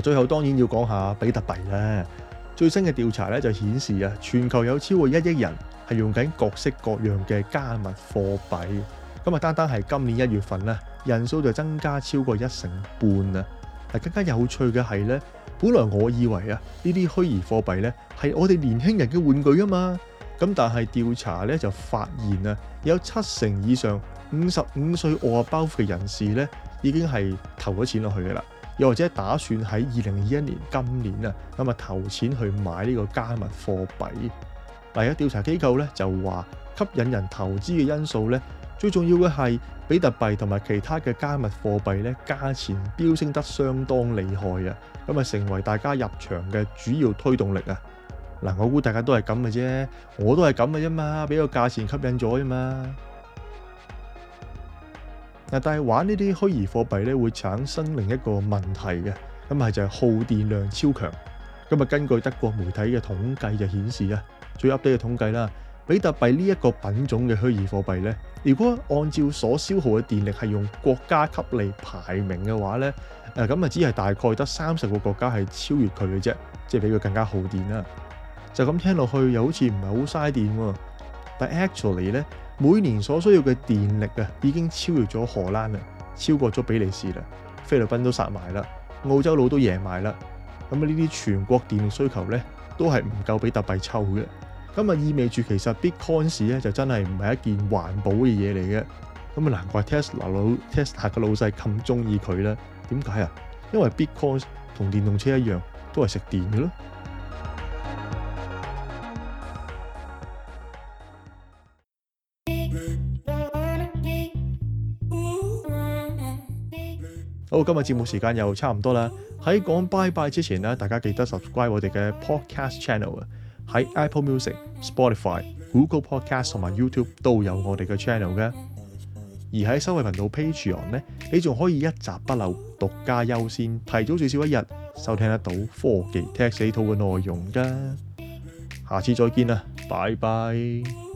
最後當然要講下比特幣啦。最新嘅調查咧就顯示啊，全球有超過一億人係用緊各式各樣嘅加密貨幣。咁啊，單單係今年一月份咧，人數就增加超過一成半啦。嗱，更加有趣嘅係咧，本來我以為啊，呢啲虛擬貨幣咧係我哋年輕人嘅玩具啊嘛。咁但係調查咧就發現啊，有七成以上五十五歲或 above 嘅人士咧，已經係投咗錢落去嘅啦。又或者打算喺二零二一年今年啊，咁啊投錢去買呢個加密貨幣。第一調查機構咧就話，吸引人投資嘅因素咧，最重要嘅係比特幣同埋其他嘅加密貨幣咧，價錢飆升得相當厲害啊，咁啊成為大家入場嘅主要推動力啊。嗱，我估大家都係咁嘅啫，我都係咁嘅啫嘛，俾個價錢吸引咗啫嘛。但係玩呢啲虛擬貨幣咧，會產生另一個問題嘅，咁係就係耗電量超強。咁啊，根據德國媒體嘅統計就顯示啊，最 update 嘅統計啦，比特幣呢一個品種嘅虛擬貨幣咧，如果按照所消耗嘅電力係用國家級嚟排名嘅話咧，誒咁啊，只係大概得三十個國家係超越佢嘅啫，即係比佢更加耗電啦。就咁聽落去，又好似唔係好嘥電喎。但係 actually 咧，每年所需要嘅電力啊，已經超越咗荷蘭啦，超過咗比利時啦，菲律賓都殺埋啦，澳洲佬都贏埋啦。咁啊，呢啲全國電力需求咧，都係唔夠比特幣抽嘅。咁啊，意味住其實 Bitcoin 市咧，就真係唔係一件環保嘅嘢嚟嘅。咁啊，難怪 Tesla 佬 Tesla 嘅老細咁中意佢啦。點解啊？因為 Bitcoin 同電動車一樣，都係食電嘅咯。好、哦，今日節目時間又差唔多啦。喺講拜拜之前咧，大家記得 subscribe 我哋嘅 podcast channel 啊，喺 Apple Music、Spotify、Google Podcast 同埋 YouTube 都有我哋嘅 channel 嘅。而喺收費頻道 Patreon 咧，你仲可以一集不漏、獨家優先、提早最少一日收聽得到科技 Tech 踢死套嘅內容㗎。下次再見啦，拜拜。